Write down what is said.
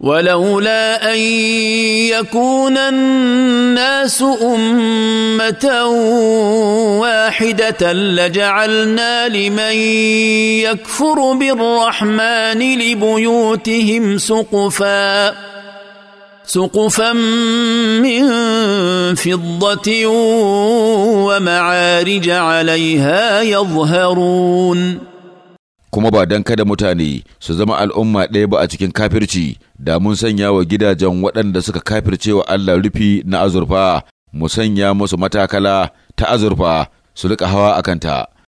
ولولا ان يكون الناس امه واحده لجعلنا لمن يكفر بالرحمن لبيوتهم سقفا سقفا من فضه ومعارج عليها يظهرون kuma ba don kada mutane su zama al'umma ɗaya ba a cikin kafirci da mun sanya wa gidajen waɗanda suka kafirce wa Allah rufi na azurfa mu sanya musu matakala ta azurfa su riƙa hawa a kanta.